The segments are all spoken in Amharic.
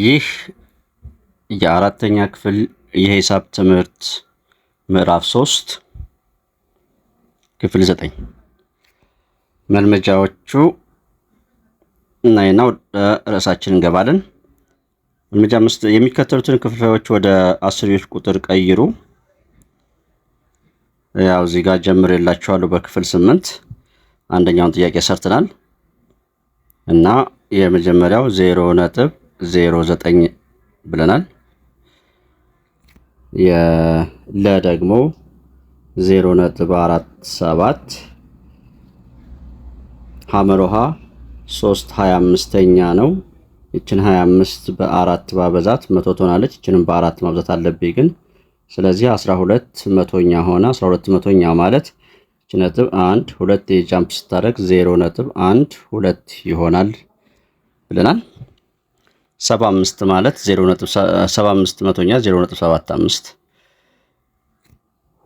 ይህ የአራተኛ ክፍል የሂሳብ ትምህርት ምዕራፍ ሶስት ክፍል ዘጠኝ መልመጃዎቹ እናይና ወደ ርዕሳችን እንገባለን። መልመጃ አምስት የሚከተሉትን ክፍልፋዮች ወደ አስርዮሽ ቁጥር ቀይሩ። ያው እዚህ ጋር ጀምር የላችኋሉ በክፍል ስምንት አንደኛውን ጥያቄ ሰርተናል እና የመጀመሪያው ዜሮ ነጥብ 09 ብለናል። ለ ደግሞ 0.47 ሀመሮሃ 3 25ኛ ነው። ይችን 25 በአራት ባበዛት መቶ ትሆናለች። ይችንም በአራት ማብዛት አለብኝ ግን ስለዚህ 12 መቶኛ ሆነ። 12 መቶኛ ማለት ይች ነጥብ 1 2 የጃምፕ ስታደርግ 0 ነጥብ 1 2 ይሆናል ብለናል። 75 ማለት 0.75 መቶኛ 0.75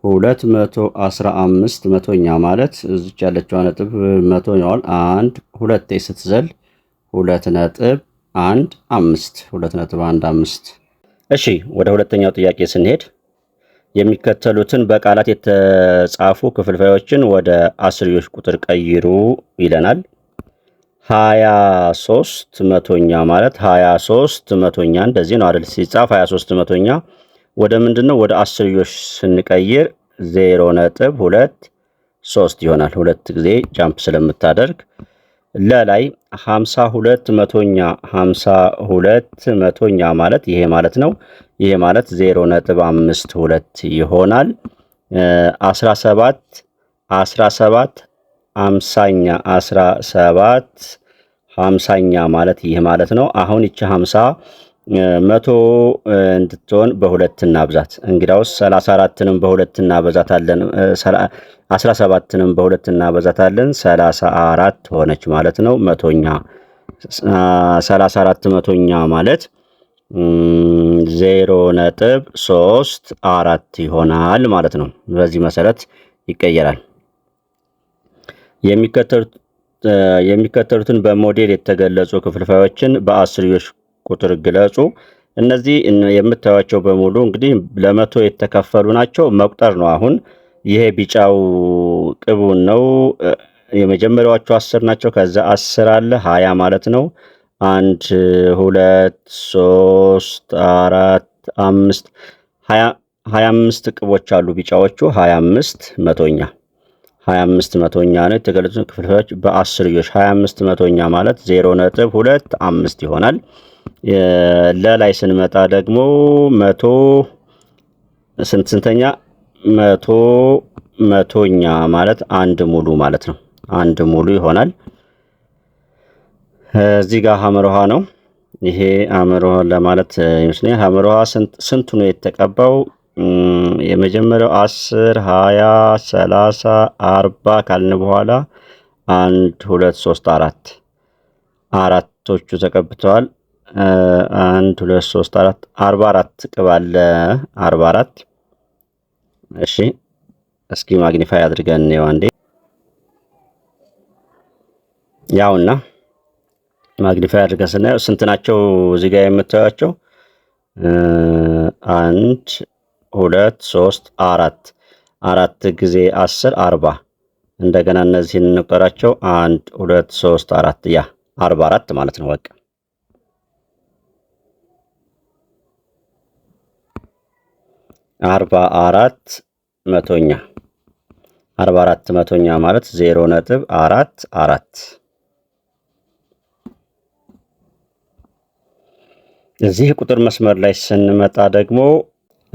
215 መቶኛ ማለት እዚች ያለችው ነጥብ መቶ ይሆናል። አንድ ሁለቴ ስትዘል ሁለት ነጥብ አንድ አምስት ሁለት ነጥብ አንድ አምስት እሺ ወደ ሁለተኛው ጥያቄ ስንሄድ የሚከተሉትን በቃላት የተጻፉ ክፍልፋዮችን ወደ አስርዮሽ ቁጥር ቀይሩ ይለናል። ሀያ ሶስት መቶኛ ማለት ሀያ ሶስት መቶኛ እንደዚህ ነው አይደል? ሲጻፍ ሀያ ሶስት መቶኛ ወደ ምንድን ነው ወደ አስርዮሽ ስንቀይር ዜሮ ነጥብ ሁለት ሶስት ይሆናል። ሁለት ጊዜ ጃምፕ ስለምታደርግ ለላይ ሀምሳ ሁለት መቶኛ ሀምሳ ሁለት መቶኛ ማለት ይሄ ማለት ነው። ይሄ ማለት ዜሮ ነጥብ አምስት ሁለት ይሆናል። አስራ ሰባት አስራ ሰባት አምሳኛ አስራ ሰባት ሀምሳኛ ማለት ይህ ማለት ነው። አሁን ይቺ ሀምሳ መቶ እንድትሆን በሁለት እናብዛት። እንግዳውስ ሰላሳ አራትንም በሁለት እናበዛታለን። አስራ ሰባትንም በሁለት እናበዛታለን። ሰላሳ አራት ሆነች ማለት ነው። መቶኛ ሰላሳ አራት መቶኛ ማለት ዜሮ ነጥብ ሶስት አራት ይሆናል ማለት ነው። በዚህ መሰረት ይቀየራል። የሚከተሉትን በሞዴል የተገለጹ ክፍልፋዮችን በአስርዮሽ ቁጥር ግለጹ። እነዚህ የምታዩቸው በሙሉ እንግዲህ ለመቶ የተከፈሉ ናቸው። መቁጠር ነው። አሁን ይሄ ቢጫው ቅቡን ነው። የመጀመሪያዎቹ አስር ናቸው። ከዛ አስር አለ ሀያ ማለት ነው። አንድ ሁለት ሶስት አራት አምስት ሀያ አምስት ቅቦች አሉ ቢጫዎቹ ሀያ አምስት መቶኛ 25 መቶኛ ነው። የተገለጹ ክፍልፋዮች በአስርዮሽ 25 መቶኛ ማለት 0 ነጥብ 25 ይሆናል። ለላይ ስንመጣ ደግሞ መቶ ስንት ስንተኛ መቶ መቶኛ ማለት አንድ ሙሉ ማለት ነው። አንድ ሙሉ ይሆናል። እዚህ ጋር ውሃ ነው። ይሄ ሀመርሃ ለማለት ይመስለኛል። ውሃ ስንቱ ነው የተቀባው? የመጀመሪያው አስር ሀያ ሰላሳ አርባ ካልን በኋላ አንድ ሁለት ሶስት አራት አራቶቹ ተቀብተዋል። አንድ ሁለት ሶስት አራት አርባ አራት ቅባለ አርባ አራት እሺ፣ እስኪ ማግኒፋይ አድርገን ነው አንዴ ያውና ማግኒፋይ አድርገን ስናየው ስንት ናቸው? እዚህ ጋር የምታዩቸው አንድ ሁለት ሶስት አራት አራት ጊዜ አስር አርባ እንደገና እነዚህን እንቁጠራቸው አንድ ሁለት ሶስት አራት ያ አርባ አራት ማለት ነው። በቃ አርባ አራት መቶኛ አርባ አራት መቶኛ ማለት ዜሮ ነጥብ አራት አራት እዚህ ቁጥር መስመር ላይ ስንመጣ ደግሞ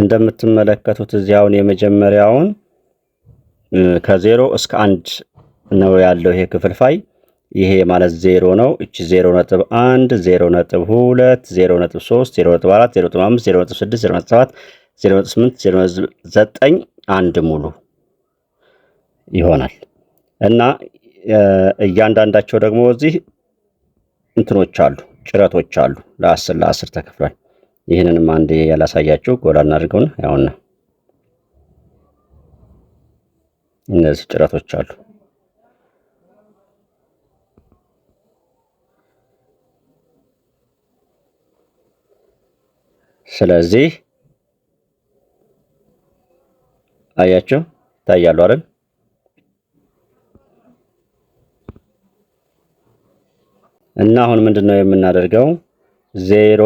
እንደምትመለከቱት እዚያውን የመጀመሪያውን ከዜሮ እስከ አንድ ነው ያለው ይሄ ክፍልፋይ። ይሄ ማለት ዜሮ ነው። እቺ ዜሮ ነጥብ አንድ ዜሮ ነጥብ ሁለት ዜሮ ነጥብ ሶስት ዜሮ ነጥብ አራት ዜሮ ነጥብ አምስት ዜሮ ነጥብ ስድስት ዜሮ ነጥብ ሰባት ዜሮ ነጥብ ስምንት ዜሮ ነጥብ ዘጠኝ አንድ ሙሉ ይሆናል እና እያንዳንዳቸው ደግሞ እዚህ እንትኖች አሉ ጭረቶች አሉ። ለአስር ለአስር ተከፍሏል። ይህንንም አንድ ያላሳያችሁ ጎላ እናድርገውን ያውና እነዚህ ጭረቶች አሉ። ስለዚህ አያችሁ ይታያሉ አይደል? እና አሁን ምንድን ነው የምናደርገው ዜሮ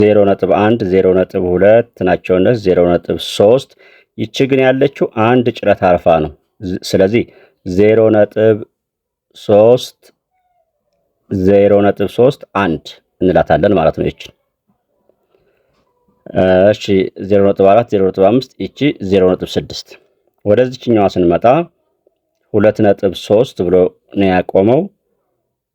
ዜሮ ነጥብ ናቸው እነዚህ 0.3 ነጥብ ሶስት ይቺ ግን ያለችው አንድ ጭረት አልፋ ነው። ስለዚህ 0.3 ነጥብ እንላታለን ማለት ነው። ይችን እሺ 0.4 ነጥብ አራት ዜሮ ነጥብ አምስት ይቺ ዜሮ ወደዚችኛዋ ስንመጣ ሁለት ነጥብ ሶስት ብሎ ነው ያቆመው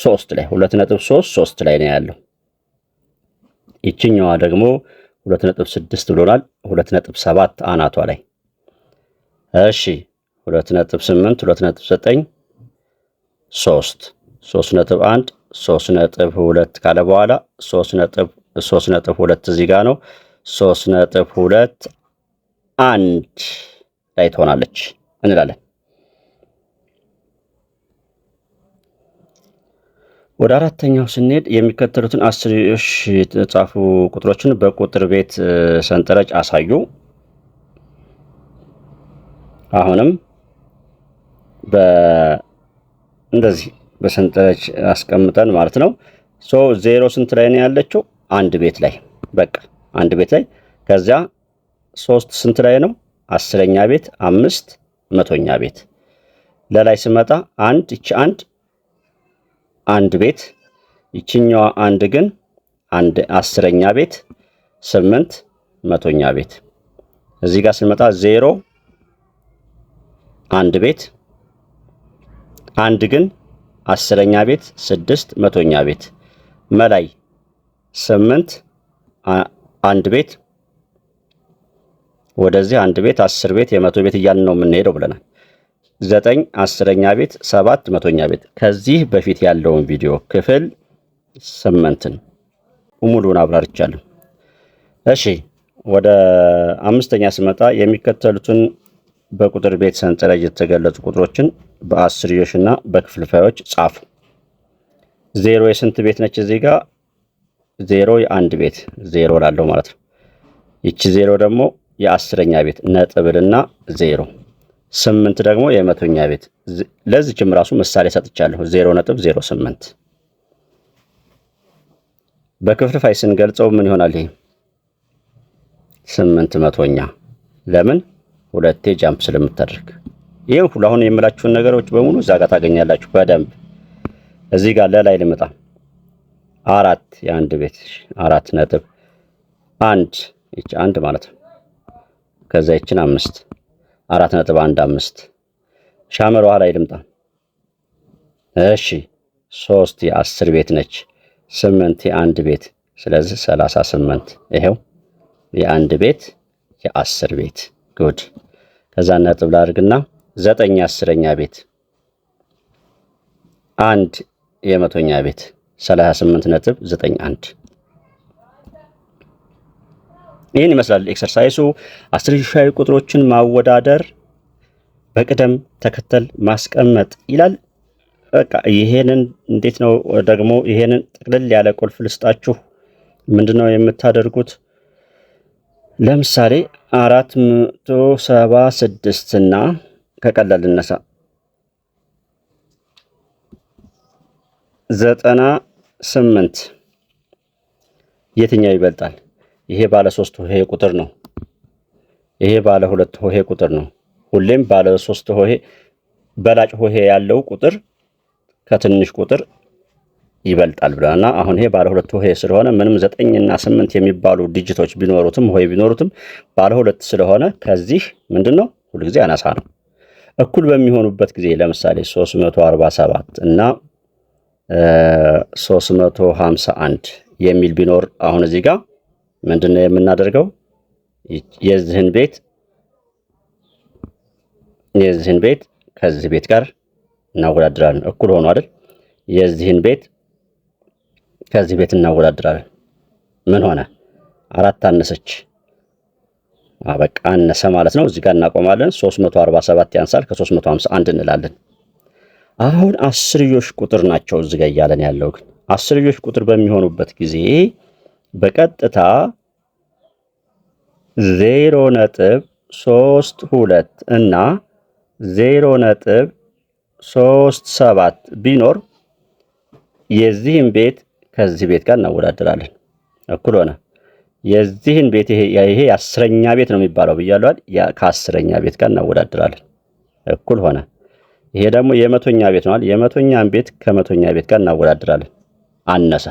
ሶስት ላይ ሁለት ነጥብ ሶስት ሶስት ላይ ነው ያለው። ይችኛዋ ደግሞ ሁለት ነጥብ ስድስት ብሎናል። ሁለት ነጥብ ሰባት አናቷ ላይ እሺ፣ ሁለት ነጥብ ስምንት ሁለት ነጥብ ዘጠኝ ሶስት ሶስት ነጥብ አንድ ሶስት ነጥብ ሁለት ካለ በኋላ ሶስት ነጥብ ሶስት ነጥብ ሁለት እዚህ ጋር ነው። ሶስት ነጥብ ሁለት አንድ ላይ ትሆናለች እንላለን። ወደ አራተኛው ስንሄድ የሚከተሉትን አስርዮሽ የተጻፉ ቁጥሮችን በቁጥር ቤት ሰንጠረዥ አሳዩ። አሁንም እንደዚህ በሰንጠረዥ አስቀምጠን ማለት ነው። ሶ ዜሮ ስንት ላይ ነው ያለችው? አንድ ቤት ላይ በቃ አንድ ቤት ላይ። ከዚያ ሶስት ስንት ላይ ነው? አስረኛ ቤት፣ አምስት መቶኛ ቤት። ለላይ ስመጣ አንድ ይቺ አንድ አንድ ቤት ይችኛዋ አንድ ግን አንድ አስረኛ ቤት ስምንት መቶኛ ቤት። እዚህ ጋር ስንመጣ ዜሮ አንድ ቤት አንድ ግን አስረኛ ቤት ስድስት መቶኛ ቤት። መላይ ስምንት አንድ ቤት ወደዚህ አንድ ቤት አስር ቤት የመቶ ቤት እያልን ነው የምንሄደው ብለናል። ዘጠኝ አስረኛ ቤት ሰባት መቶኛ ቤት ከዚህ በፊት ያለውን ቪዲዮ ክፍል ስምንትን ሙሉን አብራርቻለሁ። እሺ ወደ አምስተኛ ስመጣ የሚከተሉትን በቁጥር ቤት ሰንጠረዥ የተገለጹ ቁጥሮችን በአስርዮሽ እና በክፍልፋዮች ጻፉ። ዜሮ የስንት ቤት ነች? እዚህ ጋር ዜሮ የአንድ ቤት ዜሮ ላለው ማለት ነው። ይቺ ዜሮ ደግሞ የአስረኛ ቤት ነጥብልና ዜሮ ስምንት ደግሞ የመቶኛ ቤት ለዚችም ራሱ ምሳሌ ሰጥቻለሁ። ዜሮ ነጥብ ዜሮ ስምንት በክፍልፋይ ስንገልጸው ምን ይሆናል? ይሄ ስምንት መቶኛ ለምን ሁለቴ ጃምፕ ስለምታደርግ ይህ ሁሉ አሁን የምላችሁን ነገሮች በሙሉ እዛ ጋር ታገኛላችሁ በደንብ እዚህ ጋር ለላይ ልምጣ አራት የአንድ ቤት አራት ነጥብ አንድ ይች አንድ ማለት ነው ከዛ ይችን አምስት አራት ነጥብ አንድ አምስት ሻመር ኋላ ይድምጣ። እሺ ሶስት የአስር ቤት ነች። ስምንት የአንድ ቤት ስለዚህ ሰላሳ ስምንት ይሄው የአንድ ቤት የአስር ቤት ጉድ። ከዛ ነጥብ ላድርግና ዘጠኝ የአስረኛ ቤት አንድ የመቶኛ ቤት ሰላሳ ስምንት ነጥብ ዘጠኝ አንድ ይህን ይመስላል ኤክሰርሳይሱ። አስር ቁጥሮችን ማወዳደር በቅደም ተከተል ማስቀመጥ ይላል። በቃ ይሄንን እንዴት ነው ደግሞ ይሄንን ጥቅልል ያለ ቁልፍ ልስጣችሁ። ምንድን ነው የምታደርጉት? ለምሳሌ አራት መቶ ሰባ ስድስት እና ከቀላል ልነሳ ዘጠና ስምንት የትኛው ይበልጣል? ይሄ ባለ ሶስት ሆሄ ቁጥር ነው። ይሄ ባለ ሁለት ሆሄ ቁጥር ነው። ሁሌም ባለ ሶስት ሆሄ በላጭ ሆሄ ያለው ቁጥር ከትንሽ ቁጥር ይበልጣል ብለና አሁን ይሄ ባለ ሁለት ሆሄ ስለሆነ ምንም ዘጠኝና ስምንት የሚባሉ ዲጂቶች ቢኖሩትም ሆሄ ቢኖሩትም ባለ ሁለት ስለሆነ ከዚህ ምንድን ነው ሁልጊዜ አናሳ ነው። እኩል በሚሆኑበት ጊዜ ለምሳሌ 347 እና 351 የሚል ቢኖር አሁን እዚህ ጋር ምንድን ነው የምናደርገው? የዚህን ቤት የዚህን ቤት ከዚህ ቤት ጋር እናወዳድራለን። እኩል ሆኖ አይደል? የዚህን ቤት ከዚህ ቤት እናወዳድራለን። ምን ሆነ? አራት አነሰች። በቃ አነሰ ማለት ነው። እዚህ ጋር እናቆማለን። 347 ያንሳል። ከ351 እንላለን። አሁን አስርዮሽ ቁጥር ናቸው እዚህ ጋር እያለን ያለው ግን አስርዮሽ ቁጥር በሚሆኑበት ጊዜ በቀጥታ ዜሮ ነጥብ ሶስት ሁለት እና ዜሮ ነጥብ ሶስት ሰባት ቢኖር የዚህን ቤት ከዚህ ቤት ጋር እናወዳደራለን። እኩል ሆነ። የዚህን ቤት ይሄ የአስረኛ ቤት ነው የሚባለው ብያለዋል። ከአስረኛ ቤት ጋር እናወዳደራለን። እኩል ሆነ። ይሄ ደግሞ የመቶኛ ቤት ነዋል። የመቶኛን ቤት ከመቶኛ ቤት ጋር እናወዳደራለን። አነሰ።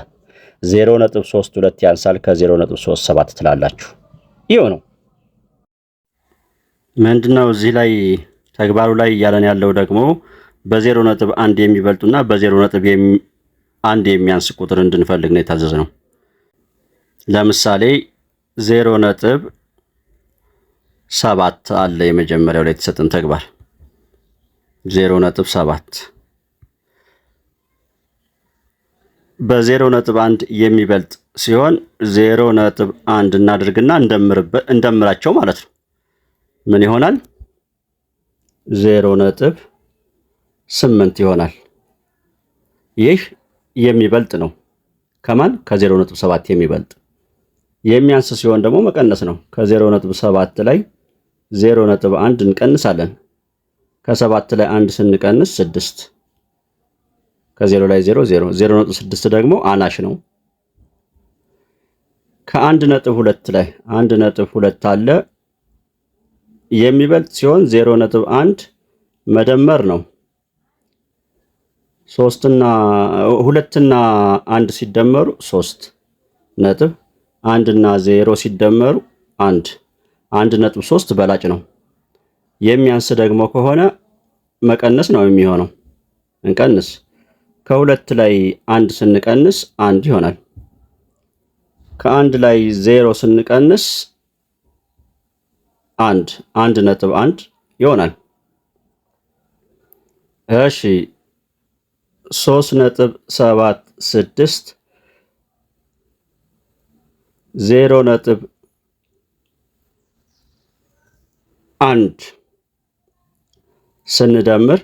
0.32 ያንሳል ከ0.37 ትላላችሁ። ይኸው ነው። ምንድነው እዚህ ላይ ተግባሩ ላይ እያለን ያለው ደግሞ በዜሮ ነጥብ አንድ የሚበልጡና በ ነጥብ አንድ የሚያንስ ቁጥር እንድንፈልግ ነው የታዘዝ ነው። ለምሳሌ ዜሮ ነጥብ ሰባት አለ የመጀመሪያው ላይ የተሰጠን ተግባር ዜሮ ነጥብ ሰባት በዜሮ ነጥብ አንድ የሚበልጥ ሲሆን ዜሮ ነጥብ አንድ እናድርግና እንደምራቸው ማለት ነው። ምን ይሆናል? ዜሮ ነጥብ ስምንት ይሆናል። ይህ የሚበልጥ ነው። ከማን? ከዜሮ ነጥብ ሰባት የሚበልጥ የሚያንስ ሲሆን ደግሞ መቀነስ ነው። ከዜሮ ነጥብ ሰባት ላይ ዜሮ ነጥብ አንድ እንቀንሳለን። ከሰባት ላይ አንድ ስንቀንስ ስድስት ከዜሮ ላይ ዜሮ ዜሮ ዜሮ ነጥብ ስድስት ደግሞ አናሽ ነው። ከአንድ ነጥብ ሁለት ላይ አንድ ነጥብ ሁለት አለ የሚበልጥ ሲሆን ዜሮ ነጥብ አንድ መደመር ነው። ሶስትና ሁለትና አንድ ሲደመሩ ሶስት ነጥብ አንድና ዜሮ ሲደመሩ አንድ አንድ ነጥብ ሶስት በላጭ ነው። የሚያንስ ደግሞ ከሆነ መቀነስ ነው የሚሆነው። እንቀንስ ከሁለት ላይ አንድ ስንቀንስ አንድ ይሆናል። ከአንድ ላይ ዜሮ ስንቀንስ አንድ አንድ ነጥብ አንድ ይሆናል። እሺ ሶስት ነጥብ ሰባት ስድስት ዜሮ ነጥብ አንድ ስንደምር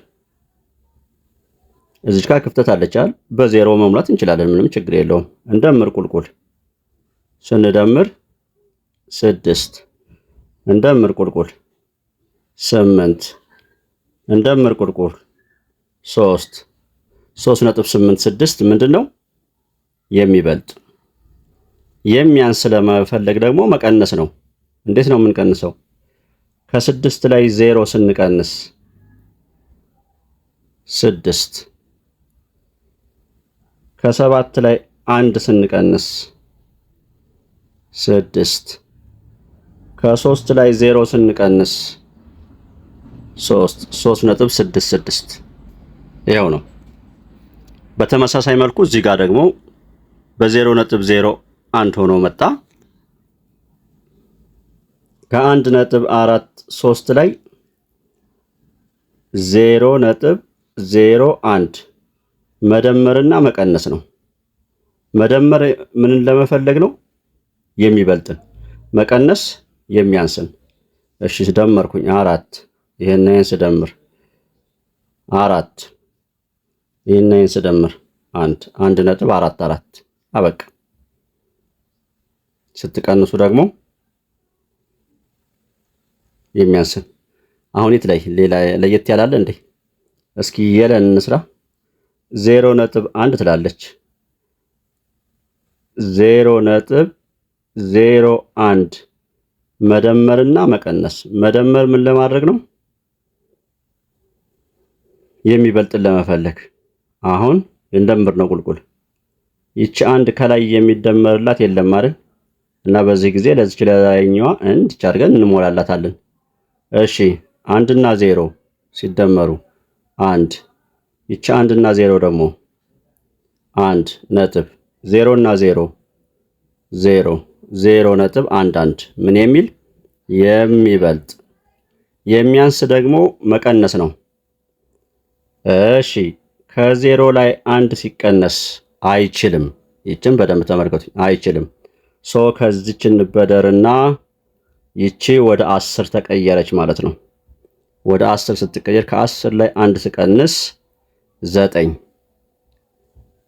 እዚች ጋር ክፍተት አለቻል። በዜሮ መሙላት እንችላለን። ምንም ችግር የለውም። እንደምር ቁልቁል ስንደምር ስድስት እንደምር ቁልቁል ስምንት እንደምር ቁልቁል ሶስት ሶስት ነጥብ ስምንት ስድስት ምንድን ነው የሚበልጥ የሚያንስ ለመፈለግ ደግሞ መቀነስ ነው። እንዴት ነው የምንቀንሰው? ከስድስት ላይ ዜሮ ስንቀንስ ስድስት ከሰባት ላይ አንድ ስንቀንስ ስድስት ከሶስት ላይ ዜሮ ስንቀንስ ሶስት ሶስት ነጥብ ስድስት ስድስት ይኸው ነው። በተመሳሳይ መልኩ እዚህ ጋር ደግሞ በዜሮ ነጥብ ዜሮ አንድ ሆኖ መጣ። ከአንድ ነጥብ አራት ሶስት ላይ ዜሮ ነጥብ ዜሮ አንድ መደመርና መቀነስ ነው። መደመር ምንን ለመፈለግ ነው? የሚበልጥን። መቀነስ የሚያንስን። እሺ ስደመርኩኝ አራት ይሄን ይሄን ስደምር አራት ይሄን ይሄን ስደምር አንድ አንድ ነጥብ አራት አራት አበቃ። ስትቀንሱ ደግሞ የሚያንስን። አሁን የት ላይ ሌላ ለየት ያላለ እንዴ? እስኪ የለን እንስራ። ዜሮ ነጥብ አንድ ትላለች። ዜሮ ነጥብ ዜሮ አንድ መደመርና መቀነስ። መደመር ምን ለማድረግ ነው? የሚበልጥን ለመፈለግ። አሁን ልንደምር ነው ቁልቁል። ይቺ አንድ ከላይ የሚደመርላት የለም አይደል? እና በዚህ ጊዜ ለዚች ለላይኛዋ እንዲች አድርገን እንሞላላታለን። እሺ አንድና ዜሮ ሲደመሩ አንድ ይቺ አንድ እና ዜሮ ደግሞ አንድ ነጥብ ዜሮ እና ዜሮ ዜሮ ዜሮ ነጥብ አንድ አንድ ምን የሚል የሚበልጥ የሚያንስ ደግሞ መቀነስ ነው። እሺ ከዜሮ ላይ አንድ ሲቀነስ አይችልም። ይችን በደንብ ተመልከቱ። አይችልም ሶ ከዚች እንበደርና ይቺ ወደ አስር ተቀየረች ማለት ነው። ወደ አስር ስትቀየር ከአስር ላይ አንድ ስቀንስ ዘጠኝ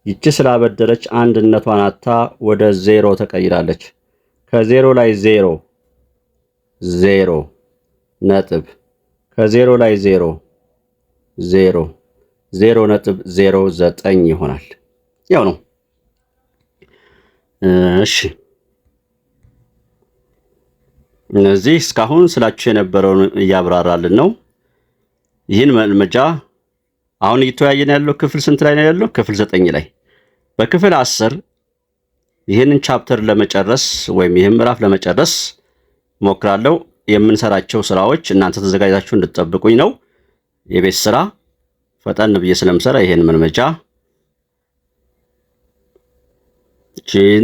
ይቺ ስላበደረች አንድነቷን አታ ወደ ዜሮ ተቀይራለች። ከዜሮ ላይ ዜሮ ዜሮ ነጥብ ከዜሮ ላይ ዜሮ ዜሮ ዜሮ ነጥብ ዜሮ ዘጠኝ ይሆናል። ያው ነው። እሺ እነዚህ እስካሁን ስላችሁ የነበረውን እያብራራልን ነው። ይህን መልመጃ አሁን እየተወያየን ያለው ክፍል ስንት ላይ ነው ያለው? ክፍል ዘጠኝ ላይ። በክፍል አስር ይህንን ቻፕተር ለመጨረስ ወይም ይህን ምዕራፍ ለመጨረስ ሞክራለሁ። የምንሰራቸው ስራዎች እናንተ ተዘጋጅታችሁ እንድትጠብቁኝ ነው። የቤት ስራ ፈጠን ብዬ ስለምሰራ ይሄን መልመጃ ጂን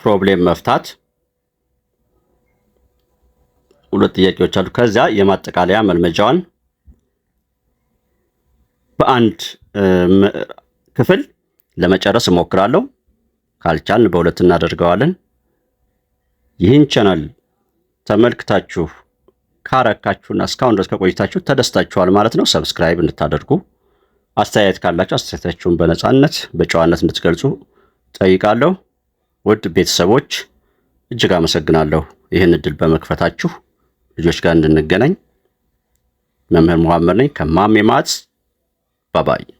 ፕሮብሌም መፍታት ሁለት ጥያቄዎች አሉ። ከዚያ የማጠቃለያ መልመጃዋን በአንድ ክፍል ለመጨረስ እሞክራለሁ። ካልቻልን በሁለት እናደርገዋለን። ይህን ቻናል ተመልክታችሁ ካረካችሁና እስካሁን ድረስ ከቆይታችሁ ተደስታችኋል ማለት ነው። ሰብስክራይብ እንድታደርጉ አስተያየት ካላችሁ አስተያየታችሁን በነፃነት በጨዋነት እንድትገልጹ ጠይቃለሁ። ውድ ቤተሰቦች እጅግ አመሰግናለሁ። ይህን እድል በመክፈታችሁ ልጆች ጋር እንድንገናኝ መምህር መሐመድ ነኝ ከማሜ Bye bye.